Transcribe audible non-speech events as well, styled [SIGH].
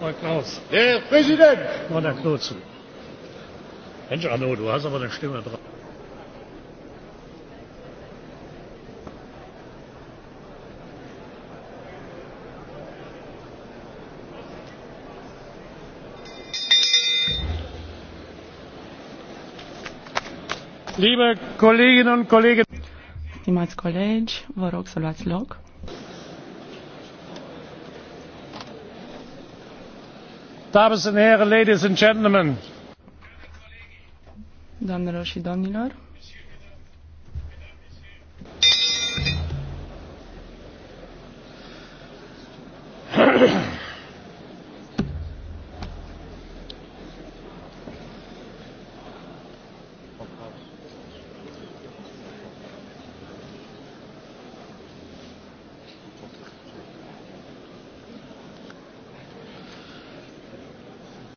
Herr Klaus. Herr Präsident! Und Herr Knutzen. Mensch, Arno, du hast aber eine Stimme drauf. Liebe Kolleginnen und Kollegen, Stimați colegi, vă rog să luați loc. Dames and herren, ladies and gentlemen. Doamnelor și domnilor. [CLEARS THROAT]